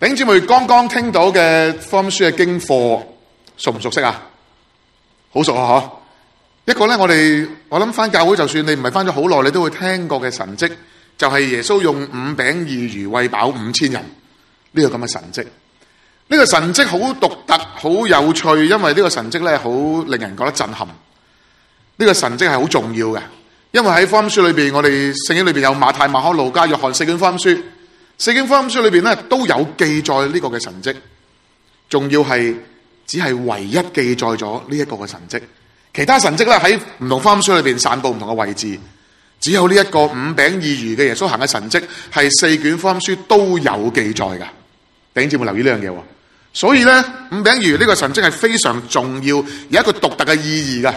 餅姊妹剛剛聽到嘅福音書嘅經課熟唔熟悉啊？好熟啊！嗬，一個咧，我哋我諗翻，教會，就算你唔係翻咗好耐，你都會聽過嘅神蹟，就係、是、耶穌用五餅二魚餵飽五千人呢個咁嘅神蹟。呢、這個神蹟好獨特、好有趣，因為呢個神蹟咧好令人覺得震撼。呢、這個神蹟係好重要嘅，因為喺福音書裏邊，我哋聖經裏邊有馬太、馬可、路加、約翰四卷福音書。四卷福音書裏邊都有記載呢個嘅神蹟，仲要係只係唯一記載咗呢一個嘅神蹟，其他神蹟咧喺唔同福音書裏邊散布唔同嘅位置，只有呢一個五餅二魚嘅耶穌行嘅神蹟係四卷福音書都有記載噶。弟兄姊妹留意呢樣嘢，所以呢，五餅二魚呢個神蹟係非常重要，有一個獨特嘅意義噶。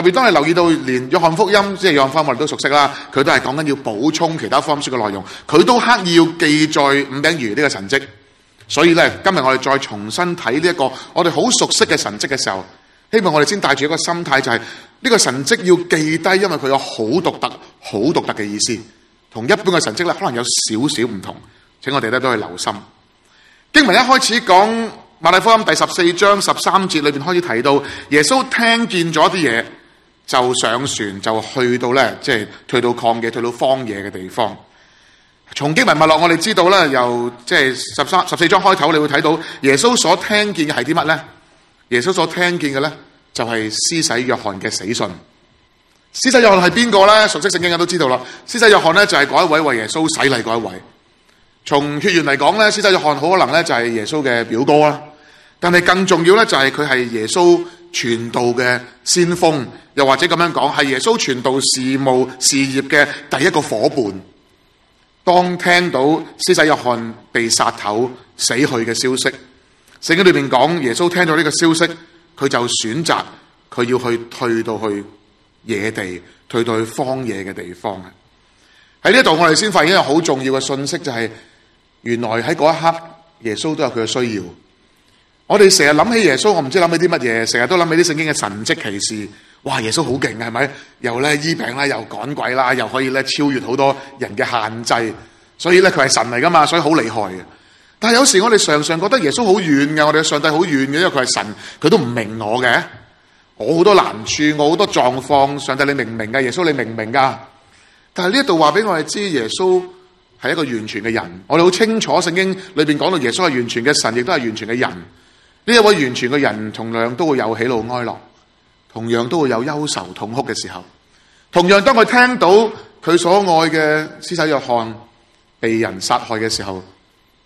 特別當你留意到連約翰福音，即係約翰福音，我哋都熟悉啦，佢都係講緊要補充其他福音書嘅內容，佢都刻意要記載五餅二魚呢個神蹟。所以呢，今日我哋再重新睇呢一個我哋好熟悉嘅神蹟嘅時候，希望我哋先帶住一個心態，就是，就係呢個神蹟要記低，因為佢有好獨特、好獨特嘅意思，同一般嘅神蹟咧，可能有少少唔同。請我哋咧都去留心。經文一開始講馬太福音第十四章十三節裏邊開始提到耶穌聽見咗啲嘢。就上船就去到咧，即係退到曠野，退到荒野嘅地方。從經文脈絡我哋知道咧，由即係十三、十四章開頭，你會睇到耶穌所聽見嘅係啲乜咧？耶穌所聽見嘅咧，就係施洗約翰嘅死訊。施洗約翰係邊個咧？熟悉聖經嘅都知道啦。施洗約翰咧就係嗰一位為耶穌洗禮嗰一位。從血緣嚟講咧，施洗約翰好可能咧就係耶穌嘅表哥啦。但係更重要咧就係佢係耶穌。傳道嘅先鋒，又或者咁樣講，係耶穌傳道事務事業嘅第一個伙伴。當聽到施洗約翰被殺頭死去嘅消息，聖經裏面講耶穌聽到呢個消息，佢就選擇佢要去退到去野地，退到去荒野嘅地方啊！喺呢度，我哋先發現一個好重要嘅信息，就係、是、原來喺嗰一刻，耶穌都有佢嘅需要。我哋成日諗起耶穌，我唔知諗起啲乜嘢。成日都諗起啲聖經嘅神蹟奇事，哇！耶穌好勁嘅，係咪？又咧醫病啦，又趕鬼啦，又可以咧超越好多人嘅限制，所以咧佢係神嚟噶嘛，所以好厲害嘅。但係有時我哋常常覺得耶穌好遠嘅，我哋上帝好遠嘅，因為佢係神，佢都唔明我嘅。我好多難處，我好多狀況，上帝你明唔明嘅啊？耶穌你明唔明噶啊？但係呢一度話俾我哋知，耶穌係一個完全嘅人。我哋好清楚聖經裏邊講到耶穌係完全嘅神，亦都係完全嘅人。呢一位完全嘅人，同樣都會有喜怒哀樂，同樣都會有憂愁痛哭嘅時候。同樣，當佢聽到佢所愛嘅施洗約翰被人殺害嘅時候，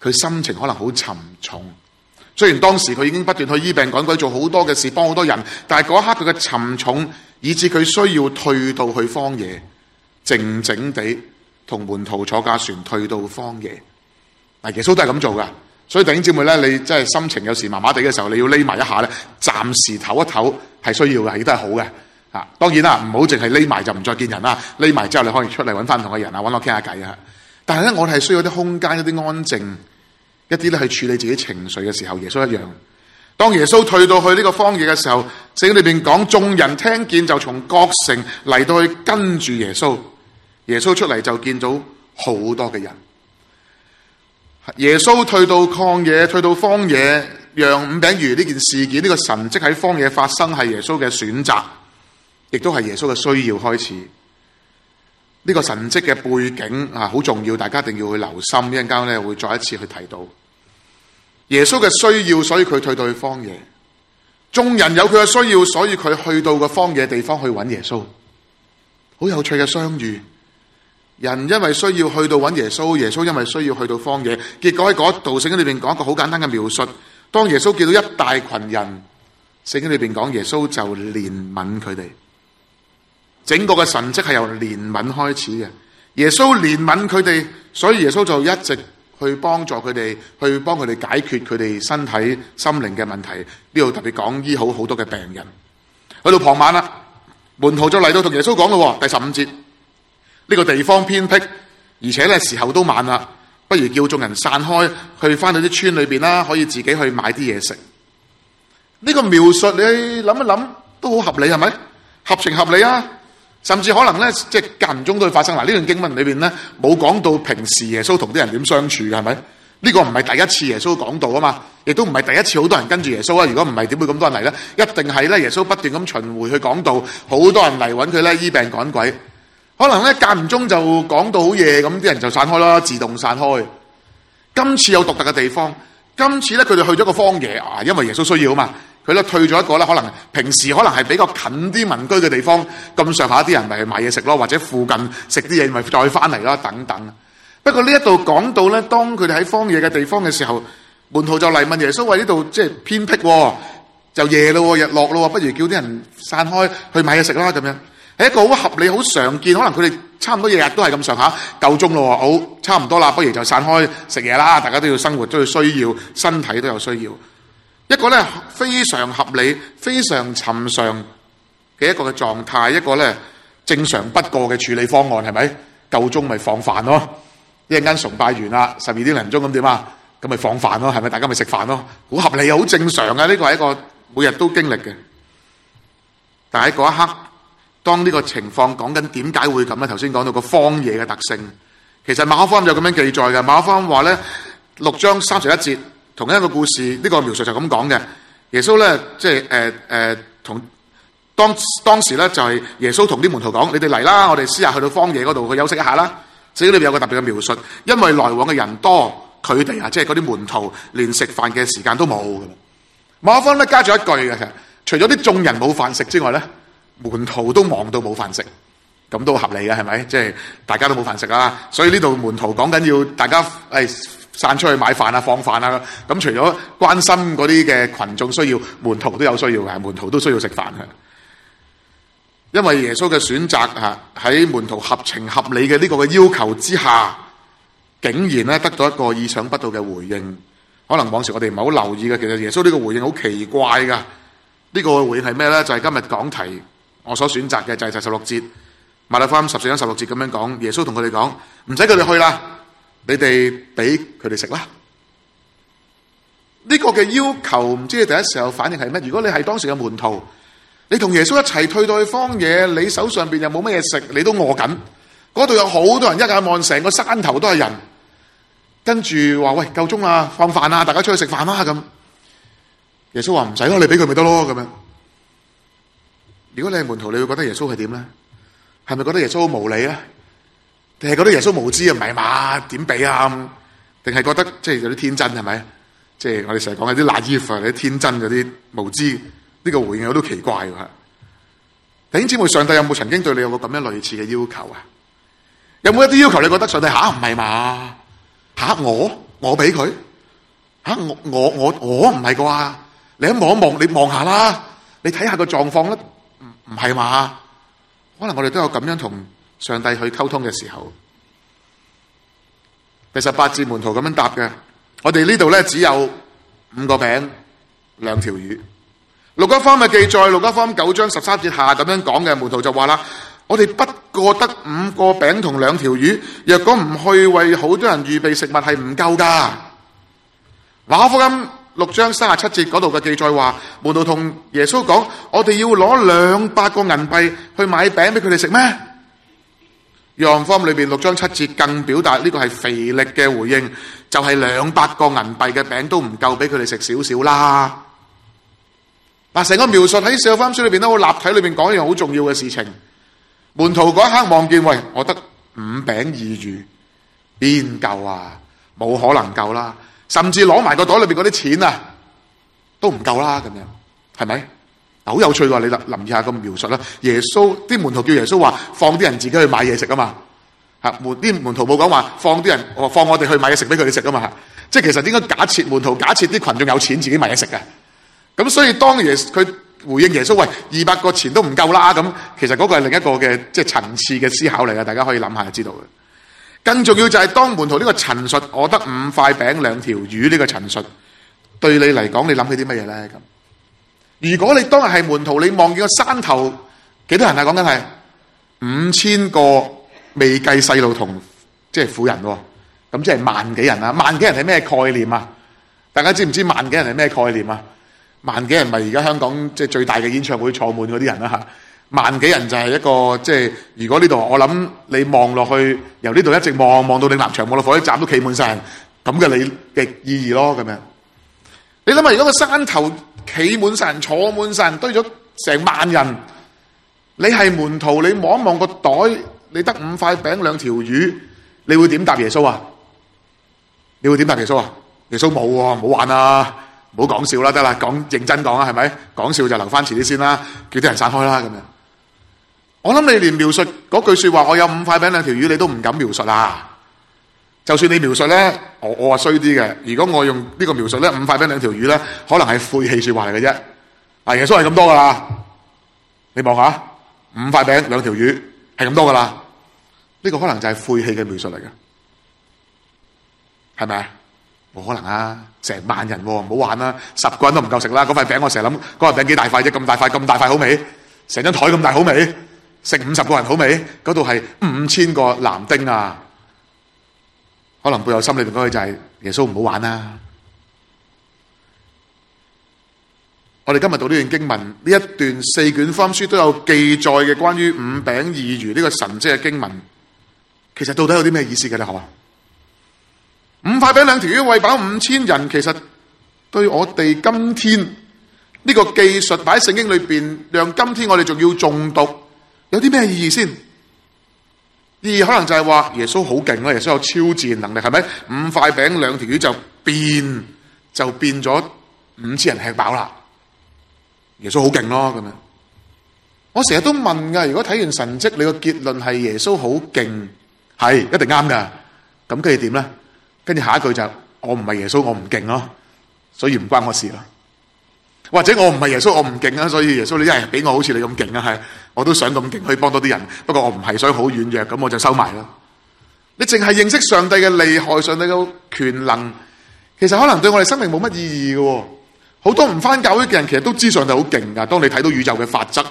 佢心情可能好沉重。雖然當時佢已經不斷去醫病趕鬼，做好多嘅事幫好多人，但係嗰刻佢嘅沉重，以至佢需要退到去荒野，靜靜地同門徒坐架船退到荒野。嗱，耶穌都係咁做㗎。所以弟兄姊妹咧，你真係心情有時麻麻地嘅時候，你要匿埋一下咧，暫時唞一唞係需要嘅，亦都係好嘅。嚇，當然啦，唔好淨係匿埋就唔再見人啦。匿埋之後你可以出嚟揾翻唔同嘅人啊，揾我傾下偈啊。但係咧，我哋係需要啲空間、一啲安靜，一啲咧去處理自己情緒嘅時候，耶穌一樣。當耶穌退到去呢個荒野嘅時候，聖經裏邊講，眾人聽見就從各城嚟到去跟住耶穌。耶穌出嚟就見到好多嘅人。耶穌退到曠野，退到荒野，讓五餅二魚呢件事件，呢個神蹟喺荒野發生，係耶穌嘅選擇，亦都係耶穌嘅需要開始。呢個神蹟嘅背景啊，好重要，大家一定要去留心。一陣間咧會再一次去提到耶穌嘅需要，所以佢退到去荒野。眾人有佢嘅需要，所以佢去到個荒野地方去揾耶穌，好有趣嘅相遇。人因為需要去到揾耶穌，耶穌因為需要去到荒野，結果喺嗰度，聖經裏邊講一個好簡單嘅描述：當耶穌見到一大群人，聖經裏邊講耶穌就憐憫佢哋。整個嘅神蹟係由憐憫開始嘅，耶穌憐憫佢哋，所以耶穌就一直去幫助佢哋，去幫佢哋解決佢哋身體、心靈嘅問題。呢度特別講醫好好多嘅病人。去到傍晚啦，門徒就嚟到同耶穌講咯，第十五節。呢個地方偏僻，而且咧時候都晚啦，不如叫眾人散開，去翻到啲村裏邊啦，可以自己去買啲嘢食。呢個描述你諗一諗都好合理，係咪合情合理啊？甚至可能呢，即係間唔中都會發生。嗱，呢段經文裏邊呢，冇講到平時耶穌同啲人點相處嘅，係咪？呢個唔係第一次耶穌講道啊嘛，亦都唔係第一次好多人跟住耶穌啊。如果唔係，點會咁多人嚟呢？一定係咧，耶穌不斷咁巡回去講道，好多人嚟揾佢咧，醫病趕鬼。可能咧間唔中就講到好夜咁，啲人就散開啦，自動散開。今次有獨特嘅地方，今次咧佢哋去咗個荒野啊，因為耶穌需要啊嘛。佢咧退咗一個咧，可能平時可能係比較近啲民居嘅地方，咁上下啲人咪去買嘢食咯，或者附近食啲嘢咪再翻嚟啦，等等。不過呢一度講到咧，當佢哋喺荒野嘅地方嘅時候，門徒就嚟問耶穌喂，呢度即係偏僻，就夜咯，日落咯，不如叫啲人散開去買嘢食啦，咁樣。一個好合理、好常見，可能佢哋差唔多日日都係咁上下夠鐘咯，好差唔多啦，不如就散開食嘢啦。大家都要生活都要需要，身體都有需要。一個咧非常合理、非常尋常嘅一個嘅狀態，一個咧正常不過嘅處理方案係咪夠鐘咪放飯咯？一陣間崇拜完啦，十二點零鐘咁點啊？咁咪放飯咯，係咪大家咪食飯咯？好合理好正常嘅，呢個係一個每日都經歷嘅。但喺嗰一刻。當呢個情況，講緊點解會咁咧？頭先講到個荒野嘅特性，其實馬可福音就咁樣記載嘅。馬可福音話咧六章三十一節同一個故事，呢、這個描述就咁講嘅。耶穌咧即係誒誒同當當時咧就係、是、耶穌同啲門徒講：，你哋嚟啦，我哋私下去到荒野嗰度去休息一下啦。聖經裏邊有個特別嘅描述，因為來往嘅人多，佢哋啊即係嗰啲門徒連食飯嘅時間都冇嘅。馬可福音咧加咗一句嘅，其實除咗啲眾人冇飯食之外咧。門徒都忙到冇飯食，咁都合理嘅，係咪？即係大家都冇飯食啊！所以呢度門徒講緊要大家誒、哎、散出去買飯啊、放飯啊。咁除咗關心嗰啲嘅群眾需要，門徒都有需要嘅，門徒都需要食飯、啊。因為耶穌嘅選擇啊，喺門徒合情合理嘅呢個嘅要求之下，竟然咧得到一個意想不到嘅回應。可能往時我哋唔係好留意嘅，其實耶穌呢個回應好奇怪噶。呢、這個回應係咩咧？就係、是、今日講題。我所選擇嘅就係就十六節，馬太福音十四章十六節咁樣講，耶穌同佢哋講：唔使佢哋去啦，你哋俾佢哋食啦。呢、這個嘅要求唔知你第一時候反應係乜。如果你係當時嘅門徒，你同耶穌一齊退到去荒野，你手上邊又冇乜嘢食，你都餓緊。嗰度有好多人，一眼望成個山頭都係人，跟住話：喂，夠鐘啦，放飯啦，大家出去食飯啦咁。耶穌話：唔使咯，你俾佢咪得咯咁樣。如果你係門徒，你會覺得耶穌係點咧？係咪覺得耶穌好無理咧？定係覺得耶穌無知啊？唔係嘛？點俾啊？定係覺得即係有啲天真係咪？即係我哋成日講嗰啲爛衣服啲天真嗰啲無知，呢個回應我都奇怪吓。弟兄姊妹，上帝有冇曾經對你有過咁樣類似嘅要求啊？有冇一啲要求你覺得上帝吓，唔係嘛？吓，我我俾佢，吓，我我我我唔係啩？你一望一望，你望下啦，你睇下個狀況啦。唔係嘛？可能我哋都有咁樣同上帝去溝通嘅時候。第十八字門徒咁樣答嘅，我哋呢度咧只有五個餅、兩條魚。《路加福音》嘅記載《路加福音》九章十三節下咁樣講嘅門徒就話啦：，我哋不過得五個餅同兩條魚，若果唔去為好多人預備食物，係唔夠噶馬可福音六章三十七節嗰度嘅記載話，門徒同耶穌講：我哋要攞兩百個銀幣去買餅俾佢哋食咩？約翰福音裏邊六章七節更表達呢個係腓力嘅回應，就係兩百個銀幣嘅餅都唔夠俾佢哋食少少啦。嗱，成個描述喺《四福音書》裏邊都好立體，裏邊講一樣好重要嘅事情。門徒嗰一刻望見，喂，我得五餅二魚，邊夠啊？冇可能夠啦！甚至攞埋個袋裏邊嗰啲錢啊，都唔夠啦，咁樣，係咪？好有趣噶，你諗，留意下個描述啦。耶穌啲門徒叫耶穌話放啲人自己去買嘢食啊嘛，吓門啲門徒冇講話放啲人，放我哋去買嘢食俾佢哋食啊嘛，即係其實應該假設門徒假設啲群眾有錢自己買嘢食嘅，咁所以當耶穌佢回應耶穌喂，二百個錢都唔夠啦，咁，其實嗰個係另一個嘅即係層次嘅思考嚟嘅，大家可以諗下就知道嘅。更重要就係當門徒呢個陳述，我得五塊餅兩條魚呢個陳述，對你嚟講你諗起啲乜嘢咧？咁如果你當日係門徒，你望見個山頭幾多人啊？講緊係五千個未計細路同即係婦人喎，咁即係萬幾人啦！萬幾人係咩概念啊？大家知唔知萬幾人係咩概念啊？萬幾人咪而家香港即係最大嘅演唱會坐滿嗰啲人啦嚇。萬幾人就係一個即係，如果呢度我諗你望落去，由呢度一直望望到你立場，望到火車站都企滿曬，咁嘅你極意義咯咁樣。你諗下，如果個山頭企滿晒人、坐滿晒人，堆咗成萬人，你係門徒，你望一望個袋，你得五塊餅、兩條魚，你會點答耶穌啊？你會點答耶穌啊？耶穌冇喎、啊，唔好玩啊，唔好講笑啦、啊，得啦，講認真講啊，係咪？講笑就留翻遲啲先啦，叫啲人散開啦，咁樣。我諗你連描述嗰句說話，我有五塊餅兩條魚，你都唔敢描述啦！就算你描述咧，我我話衰啲嘅。如果我用呢個描述咧，五塊餅兩條魚咧，可能係晦氣說話嚟嘅啫。啊，耶穌係咁多噶啦，你望下，五塊餅兩條魚係咁多噶啦，呢、這個可能就係晦氣嘅描述嚟嘅，係咪？冇可能啊！成萬人、啊，唔好玩啦、啊，十個人都唔夠食啦。嗰塊餅我成日諗，嗰塊餅幾大塊啫？咁大塊，咁大塊好味，成張台咁大好味。成五十個人好未？嗰度係五千個男丁啊！可能背後心裏邊講嘅就係耶穌唔好玩啦。我哋今日讀呢段經文，呢一段四卷福音書都有記載嘅關於五餅二魚呢個神蹟嘅經文，其實到底有啲咩意思嘅咧？係嘛？五塊餅兩條魚喂飽五千人，其實對我哋今天呢個技術擺喺聖經裏邊，讓今天我哋仲要重讀。有啲咩意義先？意義可能就係話耶穌好勁咯，耶穌有超自然能力，係咪？五塊餅兩條魚就變，就變咗五千人吃飽啦。耶穌好勁咯，咁樣。我成日都問噶，如果睇完神蹟，你個結論係耶穌好勁，係一定啱噶。咁跟住點咧？跟住下一句就：我唔係耶穌，我唔勁咯，所以唔關我事咯。或者我唔係耶穌，我唔勁啊，所以耶穌你一係俾我好似你咁勁啊，係。我都想咁勁去幫多啲人，不過我唔係想好軟弱，咁我就收埋啦。你淨係認識上帝嘅利害，上帝嘅權能，其實可能對我哋生命冇乜意義嘅。好多唔翻教會嘅人，其實都知上帝好勁噶。當你睇到宇宙嘅法則，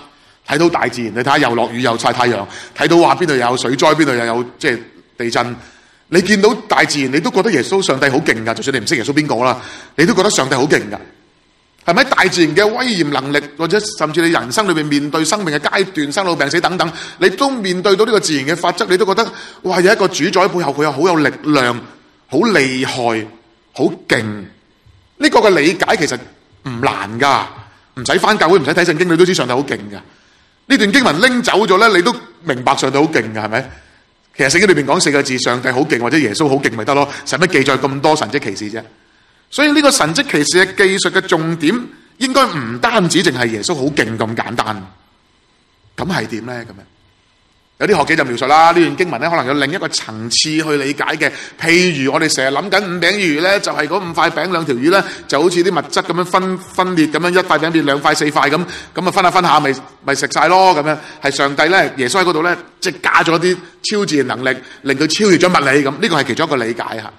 睇到大自然，你睇下又落雨又曬太陽，睇到話邊度有水災，邊度又有即係地震，你見到大自然，你都覺得耶穌上帝好勁噶。就算你唔識耶穌邊個啦，你都覺得上帝好勁噶。係咪大自然嘅威嚴能力，或者甚至你人生裏邊面，面對生命嘅階段，生老病死等等，你都面對到呢個自然嘅法則，你都覺得哇！有一個主宰背後，佢有好有力量、好厲害、好勁。呢、呢個嘅理解其實唔難噶，唔使返教會，唔使睇聖經，你都知上帝好勁噶。呢段經文拎走咗咧，你都明白上帝好勁噶，係咪？其實聖經裏邊講四個字：上帝好勁，或者耶穌好勁，咪得咯？使乜記載咁多神跡奇事啫？所以呢個神蹟奇事嘅技術嘅重點，應該唔單止淨係耶穌好勁咁簡單，咁係點咧？咁樣有啲學者就描述啦。呢段經文咧，可能有另一個層次去理解嘅。譬如我哋成日諗緊五餅二魚咧，就係嗰五塊餅兩條魚咧，就好似啲物質咁樣分分裂咁樣，一塊餅變兩塊四塊咁，咁啊分下分下，咪咪食晒咯咁樣。係上帝咧，耶穌喺嗰度咧，即係加咗啲超自然能力，令佢超越咗物理咁。呢個係其中一個理解吓。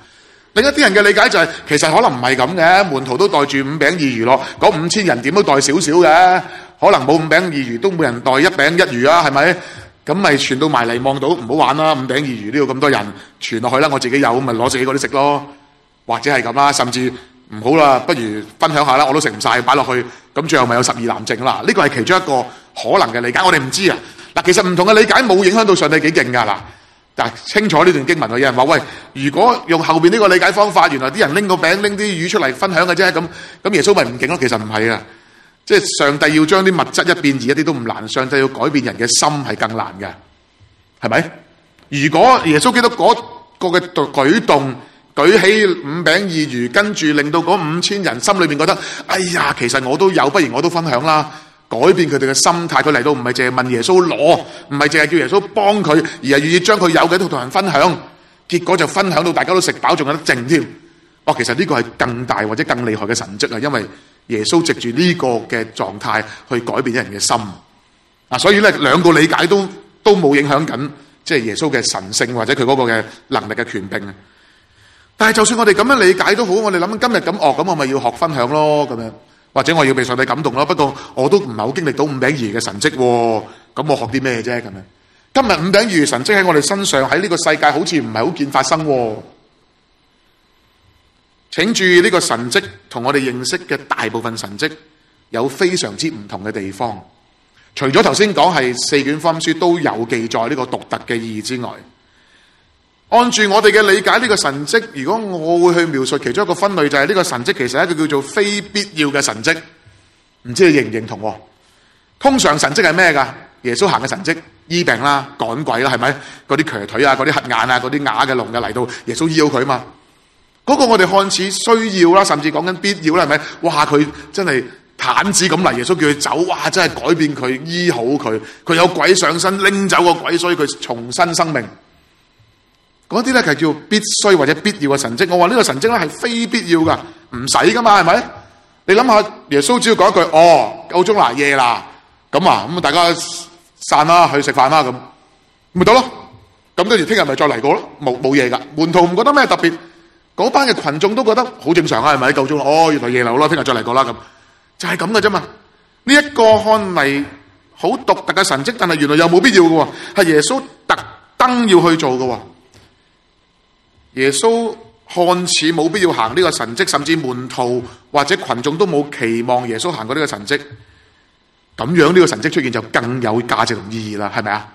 另一啲人嘅理解就係，其實可能唔係咁嘅，門徒都袋住五餅二魚咯。嗰五千人點都袋少少嘅，可能冇五餅二魚都冇人袋一餅一魚啊，係咪？咁咪傳到埋嚟望到唔好玩啦，五餅二魚都要咁多人傳落去啦，我自己有咪攞自己嗰啲食咯，或者係咁啦，甚至唔好啦，不如分享下啦，我都食唔晒，擺落去，咁最後咪有十二籃剩啦。呢個係其中一個可能嘅理解，我哋唔知啊。嗱，其實唔同嘅理解冇影響到上帝幾勁㗎嗱。嗱，但清楚呢段經文啊！有人話喂，如果用後邊呢個理解方法，原來啲人拎個餅拎啲魚出嚟分享嘅啫，咁咁耶穌咪唔勁咯？其實唔係啊，即係上帝要將啲物質一變二一啲都唔難，上帝要改變人嘅心係更難嘅，係咪？如果耶穌基督嗰、嗰個、嗰個嘅、舉動舉起五餅二魚，跟住令到嗰五千人心裏面覺得，哎呀，其實我都有，不如我都分享啦。改變佢哋嘅心態，佢嚟到唔係淨係問耶穌攞，唔係淨係叫耶穌幫佢，而係願意將佢有嘅都同人分享。結果就分享到大家都食飽，仲有得剩添。哦，其實呢個係更大或者更厲害嘅神蹟啊！因為耶穌藉住呢個嘅狀態去改變人嘅心。啊，所以咧兩個理解都都冇影響緊，即係耶穌嘅神性或者佢嗰個嘅能力嘅權柄啊。但係就算我哋咁樣理解都好，我哋諗今日咁惡，咁我咪要學分享咯，咁樣。或者我要被上帝感動咯，不過我都唔係好經歷到五餅二魚嘅神蹟，咁、哦、我學啲咩啫咁啊？今日五餅二魚神蹟喺我哋身上，喺呢個世界好似唔係好見發生、哦。請注意呢、這個神蹟同我哋認識嘅大部分神蹟有非常之唔同嘅地方。除咗頭先講係四卷福音書都有記載呢個獨特嘅意義之外。按住我哋嘅理解，呢、這個神蹟，如果我會去描述其中一個分類，就係、是、呢個神蹟其實係一個叫做非必要嘅神蹟，唔知你認唔認同、哦？通常神蹟係咩噶？耶穌行嘅神蹟，醫病啦，趕鬼啦，係咪？嗰啲瘸腿啊，嗰啲瞎眼啊，嗰啲啞嘅聾嘅嚟到耶穌醫好佢嘛？嗰、那個我哋看似需要啦，甚至講緊必要啦，係咪？哇！佢真係癱子咁嚟，耶穌叫佢走，哇！真係改變佢，醫好佢，佢有鬼上身，拎走個鬼，所以佢重新生，生命。嗰啲咧係叫必須或者必要嘅神迹，我話呢個神迹咧係非必要噶，唔使噶嘛，係咪？你諗下，耶穌只要講一句哦，夠鐘啦，夜啦，咁啊，咁啊，大家散啦，去食飯啦，咁咪得咯。咁跟住聽日咪再嚟過咯，冇冇嘢噶，門徒唔覺得咩特別。嗰班嘅群眾都覺得好正常啊，係咪？夠鐘哦，原來夜留啦，聽日再嚟過啦，咁就係咁噶啫嘛。呢一個看嚟好獨特嘅神迹，但係原來又冇必要噶，係耶穌特登要去做噶。耶穌看似冇必要行呢個神迹，甚至門徒或者群眾都冇期望耶穌行過呢個神迹。咁樣呢個神迹出現就更有價值同意義啦，係咪啊？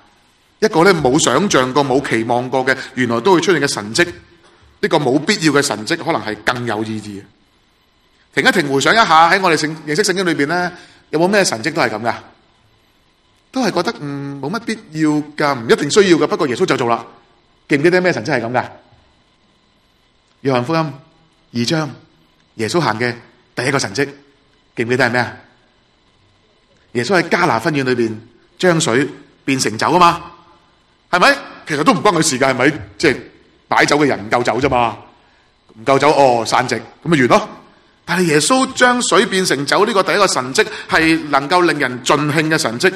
一個呢冇想象過、冇期望過嘅，原來都會出現嘅神迹，呢、這個冇必要嘅神迹，可能係更有意義。停一停，回想一下喺我哋聖認識聖經裏邊咧，有冇咩神迹都係咁噶？都係覺得嗯冇乜必要噶，唔一定需要嘅。不過耶穌就做啦，記唔記得咩神迹係咁噶？約翰福音二章，耶穌行嘅第一個神蹟，記唔記得係咩啊？耶穌喺迦拿婚宴裏面將水變成酒啊嘛，係咪？其實都唔關佢事噶，係咪？即係擺酒嘅人唔夠酒咋嘛，唔夠酒哦，散席咁咪完咯。但係耶穌將水變成酒呢個第一個神蹟，係能夠令人盡興嘅神蹟，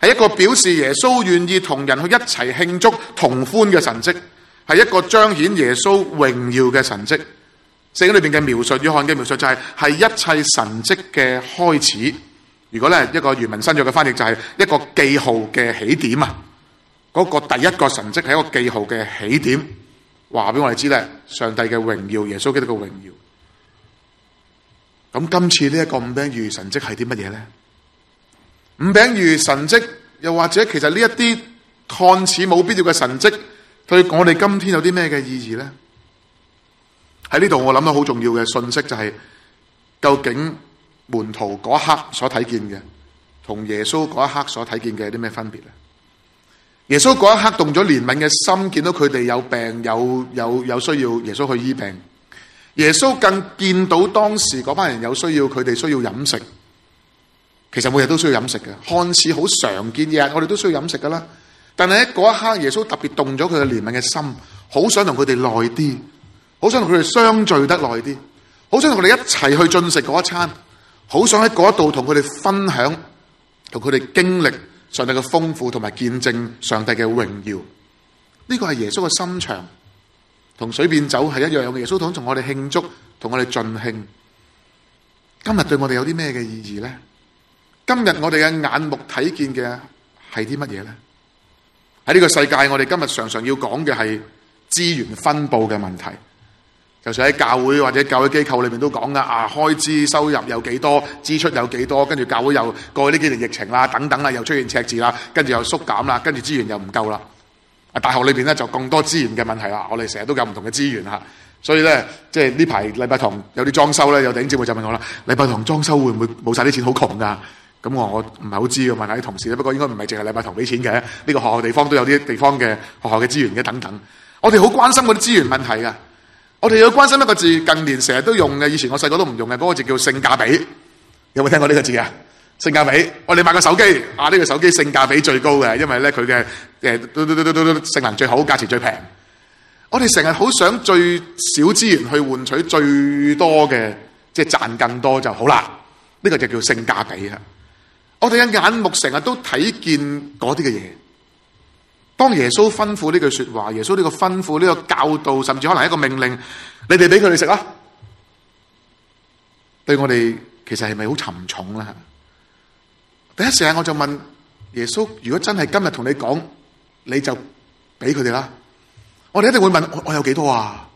係一個表示耶穌願意同人去一齊慶祝同歡嘅神蹟。係一個彰顯耶穌榮耀嘅神跡，聖經裏面嘅描述，約翰嘅描述就係、是、一切神跡嘅開始。如果呢一個漁民新約嘅翻譯就係一個記號嘅起點啊！嗰、那個第一個神跡係一個記號嘅起點，話俾我哋知呢，上帝嘅榮耀，耶穌基督嘅榮耀。咁今次呢一個五餅魚神跡係啲乜嘢咧？五餅魚神跡，又或者其實呢一啲看似冇必要嘅神跡。對我哋今天有啲咩嘅意義呢？喺呢度我諗到好重要嘅信息就係，究竟門徒嗰一刻所睇見嘅，同耶穌嗰一刻所睇見嘅有啲咩分別呢？耶穌嗰一刻動咗憐憫嘅心，見到佢哋有病有有有需要，耶穌去醫病。耶穌更見到當時嗰班人有需要，佢哋需要飲食。其實每日都需要飲食嘅，看似好常見嘅，我哋都需要飲食㗎啦。但係喺嗰一刻，耶穌特別動咗佢嘅憐憫嘅心，好想同佢哋耐啲，好想同佢哋相聚得耐啲，好想同佢哋一齊去進食嗰一餐，好想喺嗰度同佢哋分享，同佢哋經歷上帝嘅豐富，同埋見證上帝嘅榮耀。呢個係耶穌嘅心腸，同水變酒係一樣。耶穌同我哋慶祝，同我哋盡興。今日對我哋有啲咩嘅意義咧？今日我哋嘅眼目睇見嘅係啲乜嘢咧？喺呢個世界，我哋今日常常要講嘅係資源分佈嘅問題。就算喺教會或者教育機構裏面都講噶啊，開支收入有幾多，支出有幾多，跟住教會又過去呢幾年疫情啦，等等啦，又出現赤字啦，跟住又縮減啦，跟住資源又唔夠啦。大學裏邊咧就更多資源嘅問題啦。我哋成日都有唔同嘅資源吓，所以呢，即係呢排禮拜堂有啲裝修呢，有頂姊妹就問我啦：禮拜堂裝修會唔會冇晒啲錢？好窮噶。咁我唔係好知嘅，問下啲同事，不過應該唔係淨係禮拜堂俾錢嘅，呢個學校地方都有啲地方嘅學校嘅資源嘅等等。我哋好關心嗰啲資源問題嘅。我哋要關心一個字，近年成日都用嘅，以前我細個都唔用嘅嗰個字叫性價比。有冇聽過呢個字啊？性價比。我哋買個手機，啊，呢個手機性價比最高嘅，因為咧佢嘅誒性能最好，價錢最平。我哋成日好想最少資源去換取最多嘅，即係賺更多就好啦。呢個就叫性價比啊！我哋嘅眼目成日都睇見嗰啲嘅嘢。當耶穌吩咐呢句說話，耶穌呢個吩咐呢個教導，甚至可能係一個命令，你哋俾佢哋食啦。對我哋其實係咪好沉重咧？第一時間，我就問耶穌：如果真係今日同你講，你就俾佢哋啦。我哋一定會問我：我有幾多啊？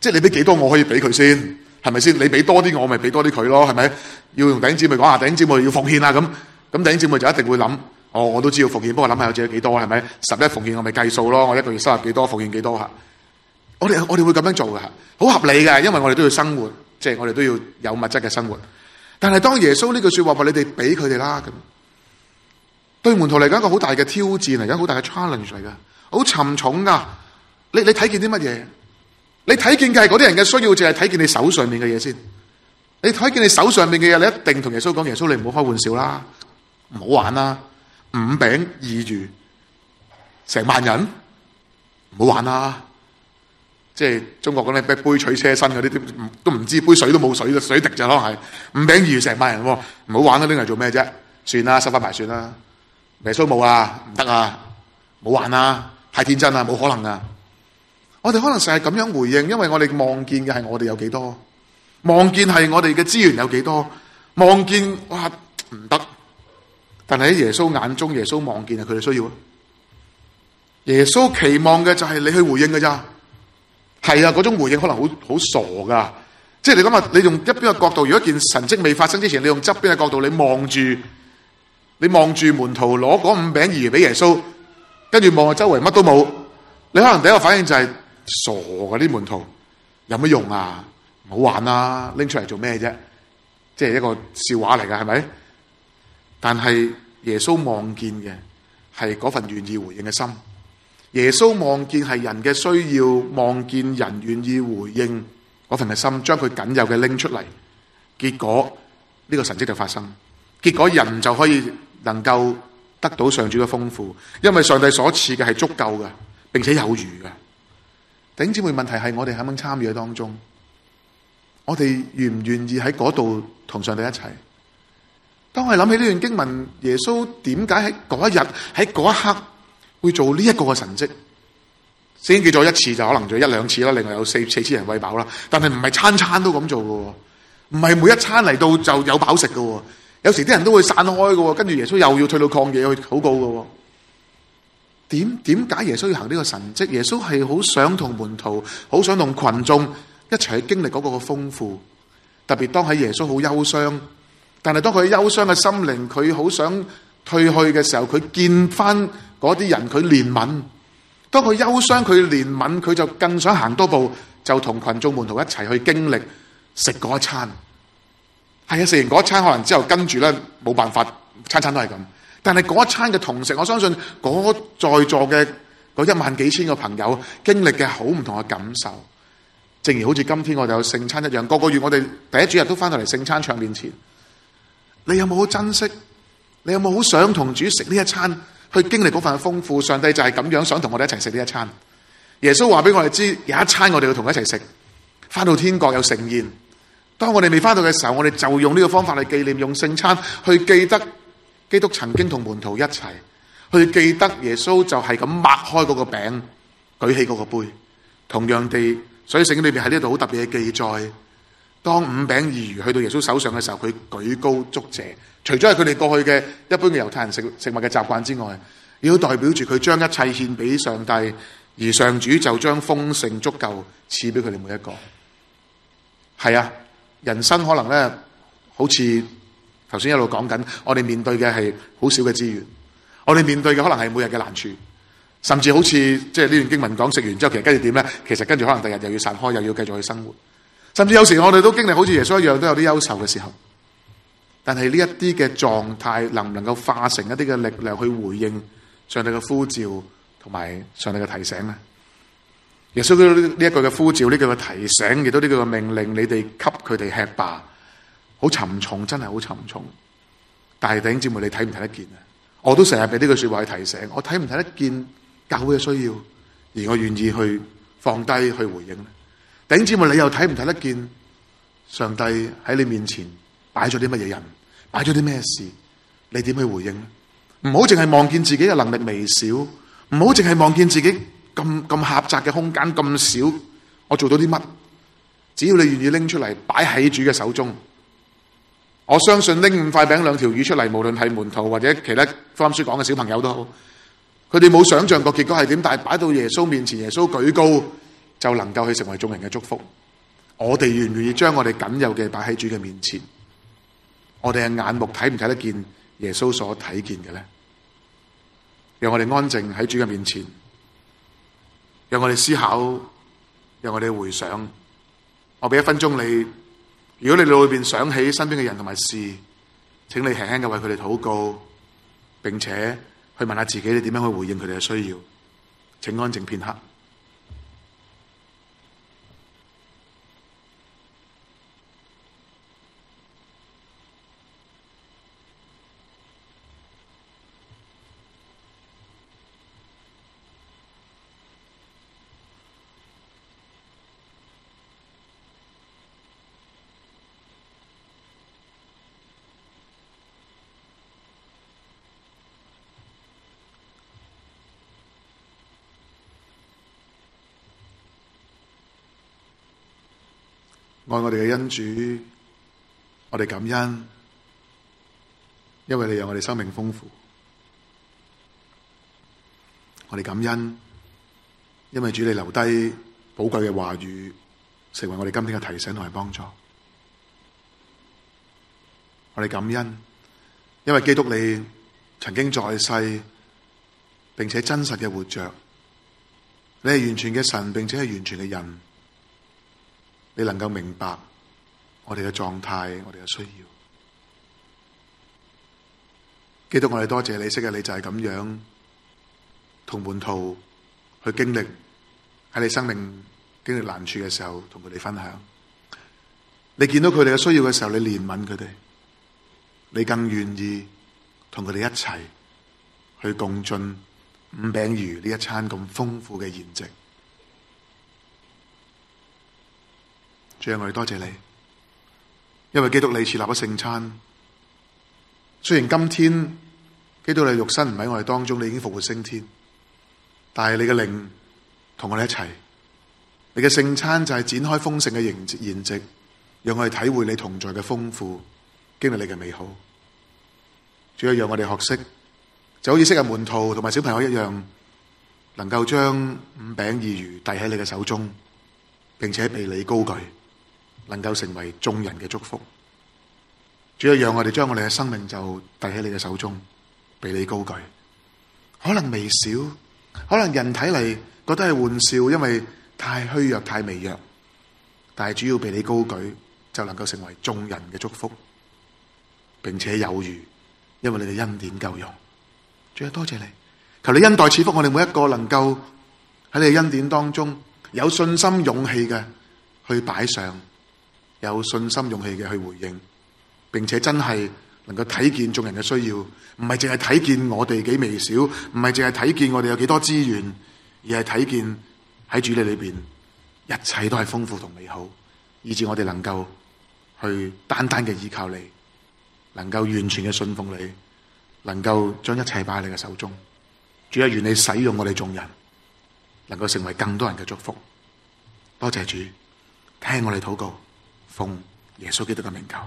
即係你俾幾多，我可以俾佢先。係咪先？你俾多啲我，咪俾多啲佢咯？係咪？要用頂尖咪講下，頂尖咪要奉獻啦咁。咁頂尖咪就一定會諗，哦，我都知道奉獻，不過諗下有自己幾多？係咪？十一奉獻我咪計數咯。我一個月收入幾多，奉獻幾多嚇？我哋我哋會咁樣做噶，好合理噶，因為我哋都要生活，即係我哋都要有物質嘅生活。但係當耶穌呢句說話話你哋俾佢哋啦，咁對門徒嚟講一個好大嘅挑戰嚟，緊好大嘅 challenge 嚟噶，好沉重噶。你你睇見啲乜嘢？你睇見嘅係嗰啲人嘅需要，淨係睇見你手上面嘅嘢先。你睇見你手上面嘅嘢，你一定同耶穌講：耶穌，你唔好開玩笑啦，唔好玩啦，五餅二魚，成萬人，唔好玩啦。即係中國嗰啲咩杯水車薪嗰啲，都唔知杯水都冇水，水滴就可能係五餅二魚成萬人，唔好玩啦，拎嚟做咩啫？算啦，收翻牌算啦。耶穌冇啊，唔得啊，冇玩啦，太天真啦，冇可能啊。我哋可能成日咁樣回應，因為我哋望見嘅係我哋有幾多，望見係我哋嘅資源有幾多，望見哇唔得，但係喺耶穌眼中，耶穌望見係佢哋需要啊。耶穌期望嘅就係你去回應嘅咋，係啊，嗰種回應可能好好傻噶，即係你諗下，你用一邊嘅角度，如果件神蹟未發生之前，你用側邊嘅角度，你望住，你望住門徒攞嗰五餅二魚俾耶穌，跟住望下周圍乜都冇，你可能第一個反應就係，是。傻嘅呢，門徒有乜用啊？唔好玩啦、啊，拎出嚟做咩啫？即係一個笑話嚟嘅，係咪？但係耶穌望見嘅係嗰份願意回應嘅心。耶穌望見係人嘅需要，望見人願意回應嗰份嘅心，將佢僅有嘅拎出嚟，結果呢個神蹟就發生。結果人就可以能夠得到上主嘅豐富，因為上帝所賜嘅係足夠嘅，並且有餘嘅。頂姊妹，問題係我哋肯唔肯參與喺當中？我哋願唔願意喺嗰度同上帝一齊？當我係諗起呢段經文，耶穌點解喺嗰一日喺嗰一刻會做呢一個嘅神蹟？先記咗一次就可能仲有一兩次啦，另外有四四千人餵飽啦，但係唔係餐餐都咁做嘅，唔係每一餐嚟到就有飽食嘅，有時啲人都會散開嘅，跟住耶穌又要退到曠野去禱告嘅。點點解耶穌要行呢個神蹟？耶穌係好想同門徒、好想同群眾一齊去經歷嗰個個豐富。特別當喺耶穌好憂傷，但係當佢憂傷嘅心靈，佢好想退去嘅時候，佢見翻嗰啲人，佢憐憫。當佢憂傷，佢憐憫，佢就更想行多步，就同群眾、門徒一齊去經歷，食嗰餐。係啊，食完嗰餐可能之後，跟住咧冇辦法，餐餐都係咁。但係嗰一餐嘅同時，我相信嗰在座嘅嗰一萬幾千個朋友經歷嘅好唔同嘅感受，正如好似今天我哋有聖餐一樣，個個月我哋第一主日都翻到嚟聖餐桌面前。你有冇好珍惜？你有冇好想同主食呢一餐？去經歷嗰份豐富。上帝就係咁樣想同我哋一齊食呢一餐。耶穌話俾我哋知，有一餐我哋要同佢一齊食。翻到天國有盛宴。當我哋未翻到嘅時候，我哋就用呢個方法嚟紀念，用聖餐去記得。基督曾經同門徒一齊，去記得耶穌就係咁擘開嗰個餅，舉起嗰個杯，同樣地，所以聖經裏面喺呢度好特別嘅記載，當五餅二魚去到耶穌手上嘅時候，佢舉高祝謝，除咗係佢哋過去嘅一般嘅猶太人食食物嘅習慣之外，亦都代表住佢將一切獻俾上帝，而上主就將豐盛足夠賜俾佢哋每一個。係啊，人生可能咧，好似～頭先一路講緊，我哋面對嘅係好少嘅資源，我哋面對嘅可能係每日嘅難處，甚至好似即係呢段經文講食完之後，其實跟住點咧？其實跟住可能第日又要散開，又要繼續去生活。甚至有時我哋都經歷好似耶穌一樣，都有啲憂愁嘅時候。但係呢一啲嘅狀態，能唔能夠化成一啲嘅力量去回應上帝嘅呼召，同埋上帝嘅提醒咧？耶穌都有呢一句嘅呼召，呢句嘅提醒，亦都呢句嘅命令，你哋給佢哋吃吧。好沉重，真係好沉重。但係弟兄姊妹，你睇唔睇得見啊？我都成日俾呢句說話去提醒我，睇唔睇得見教會嘅需要，而我願意去放低去回應咧？弟兄姊妹，你又睇唔睇得見上帝喺你面前擺咗啲乜嘢人，擺咗啲咩事？你點去回應咧？唔好淨係望見自己嘅能力微小，唔好淨係望見自己咁咁狹窄嘅空間咁少。我做到啲乜？只要你願意拎出嚟擺喺主嘅手中。我相信拎五塊餅兩條魚出嚟，無論係門徒或者其他福音書講嘅小朋友都好，佢哋冇想象過結果係點，但係擺到耶穌面前，耶穌舉高就能夠去成為眾人嘅祝福。我哋願唔願意將我哋僅有嘅擺喺主嘅面前？我哋嘅眼目睇唔睇得見耶穌所睇見嘅咧？讓我哋安靜喺主嘅面前，讓我哋思考，讓我哋回想。我俾一分鐘你。如果你腦裏邊想起身邊嘅人同埋事，請你輕輕嘅為佢哋禱告，並且去問下自己你點樣去回應佢哋嘅需要，請安靜片刻。愛我哋嘅恩主，我哋感恩，因為你讓我哋生命豐富。我哋感恩，因為主你留低寶貴嘅話語，成為我哋今天嘅提醒同埋幫助。我哋感恩，因為基督你曾經在世，並且真實嘅活着，你係完全嘅神，並且係完全嘅人。你能夠明白我哋嘅狀態，我哋嘅需要，基督，我哋多謝你，識嘅你就係咁樣同門徒去經歷喺你生命經歷難處嘅時候，同佢哋分享。你見到佢哋嘅需要嘅時候，你憐憫佢哋，你更願意同佢哋一齊去共進五餅魚呢一餐咁豐富嘅筵席。主啊，我哋多謝你，因為基督你設立咗聖餐。雖然今天基督你肉身唔喺我哋當中，你已經復活升天，但係你嘅靈同我哋一齊，你嘅聖餐就係展開豐盛嘅筵席，讓我哋體會你同在嘅豐富，經歷你嘅美好。主要讓我哋學識，就好似昔日門徒同埋小朋友一樣，能夠將五餅二魚遞喺你嘅手中，並且被你高舉。能夠成為眾人嘅祝福，主要讓我哋將我哋嘅生命就遞喺你嘅手中，俾你高舉。可能微小，可能人睇嚟覺得係玩笑，因為太虛弱，太微弱。但係主要俾你高舉，就能夠成為眾人嘅祝福，並且有餘，因為你嘅恩典夠用。主要多謝你，求你恩待賜福我哋每一個能夠喺你嘅恩典當中有信心、勇氣嘅去擺上，有信心、勇氣嘅去回應，並且真係能夠睇見眾人嘅需要，唔係淨係睇見我哋幾微小，唔係淨係睇見我哋有幾多資源，而係睇見喺主你裏邊一切都係豐富同美好，以至我哋能夠去單單嘅依靠你，能夠完全嘅信奉你，能夠將一切擺喺你嘅手中。主啊，願你使用我哋眾人，能夠成為更多人嘅祝福。多謝主，聽我哋禱告。同耶穌基督嘅名教。